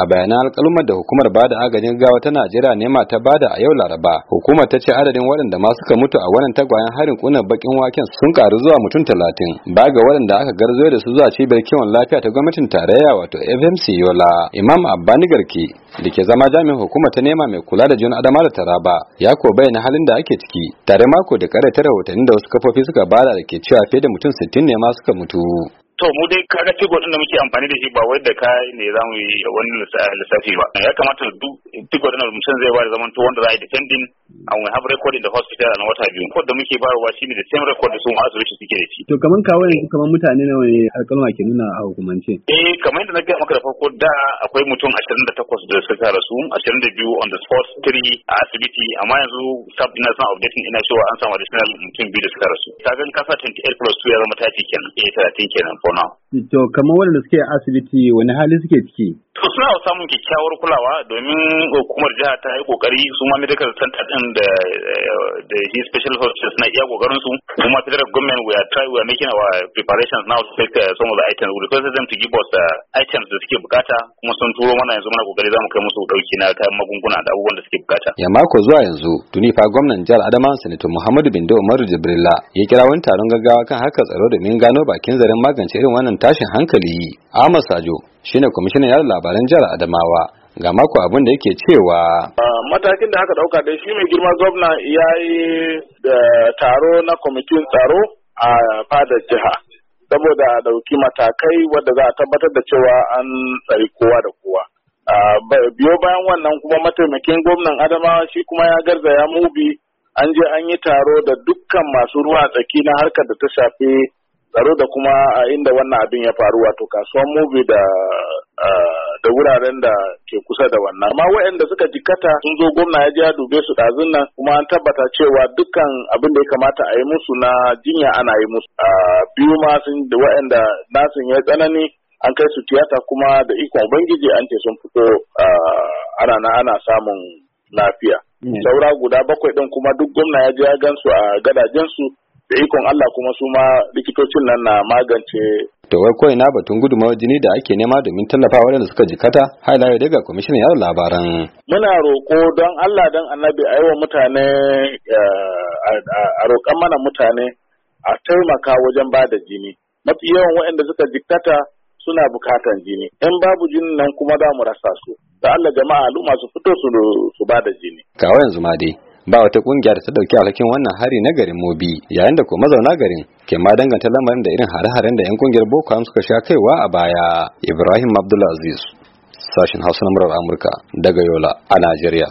a bayanan alkalumar da hukumar bada agajin gawa ta Najeriya nema ta bada a yau Laraba hukumar ta ce adadin waɗanda ma suka mutu a wannan tagwayen harin kunan bakin waken sun karu zuwa mutum talatin ba ga waɗanda aka garzo da su zuwa cibiyar kiwon lafiya ta gwamnatin tarayya wato FMC Yola Imam Abbani Garki da ke zama jami'in hukumar ta nema mai kula da jiyon Adama da Taraba ya ko bayyana halin da ake ciki tare mako da kare ta rahotanni da wasu kafofi suka bada da ke cewa fiye da mutum 60 ne ma suka mutu to mu dai kaga tigo din da muke amfani da shi ba wai da kai ne za yi wani lissafi ba ya kamata duk tigo din da zai ba da zaman to wanda za a yi defending and we have record in the hospital and what have you ko da muke ba shi ne the same record da su asibiti suke da shi to kaman kawai kaman mutane nawa ne alƙalma ke nuna a hukumance eh kaman yadda na gaya maka da farko da akwai mutum 28 da suka rasu 22 on the spot 3 a asibiti amma yanzu sab ina son updating ina cewa an samu additional mutum biyu da suka rasu ta gan kasa 28 plus 2 ya zama 30 kenan eh 30 kenan for now to kamar wanda suke asibiti wani hali suke ciki to suna samun kyakkyawar kulawa domin hukumar jiha ta yi kokari su ma medical center din da eh, da he special forces na iya kokarin su kuma federal government we are try we are making our preparations now to take eh, some of the items we request them to give us the eh, items da suke bukata kuma sun turo mana yanzu muna kokari zamu kai musu dauki na kayan magunguna da abubuwan da suke bukata ya mako zuwa yanzu tuni fa gwamnan jihar Adamawa Sanato Muhammadu Bindo Umaru Jibrilla ya kira wani taron gaggawa kan harkar tsaro domin gano bakin zaren magance irin wannan tashin hankali Ahmad Sajo shine kwamishinan yada labaran jihar Adamawa ga mako abin da yake cewa matakin da aka dauka da shi mai girma gwamna ya yi da taro na kwamitin tsaro a fadar jiha saboda a dauki matakai wadda za a tabbatar da cewa an tsari kowa da kowa biyo bayan wannan kuma mataimakin gwamnan adamawa shi kuma ya garza ya mubi an je an yi taro da dukkan masu ruwa tsaki na harkar da ta shafi tsaro da kuma a inda wannan abin ya faru wato kasuwan mubi da da wuraren da ke kusa da wannan amma waɗanda suka jikata sun zo gwamna ya je ya dube su ɗazun nan kuma an tabbata cewa dukkan abin da ya kamata a yi musu na jinya ana yi musu a biyu ma sun da waɗanda nasin ya tsanani an kai su tiyata kuma da ikon bangiji an ce sun fito ana na ana samun lafiya mm. saura guda bakwai ɗin kuma duk gwamna ya je ya gansu a gadajen su da ikon Allah kuma su ma likitocin nan na magance to wai ko ina batun gudunmawar jini da ake nema domin tallafa waɗanda suka jikata haila daga kwamishinan yada labaran muna roƙo don Allah don annabi a wa mutane eh, a roƙan mana mutane a taimaka wajen ba da jini mafi yawan waɗanda suka jikata suna bukatan jini in babu jinin nan kuma za mu rasa su da Allah jama'a al'umma su fito su ba da jini ga yanzu ma dai ba wata kungiya da ta dauki alhakin wannan hari na garin Mobi yayin da ko mazauna garin ke ma danganta lamarin da irin hare-haren da yan kungiyar Boko Haram suka sha kaiwa a baya Ibrahim Abdulaziz sashin Hausa na Amurka daga Yola a Najeriya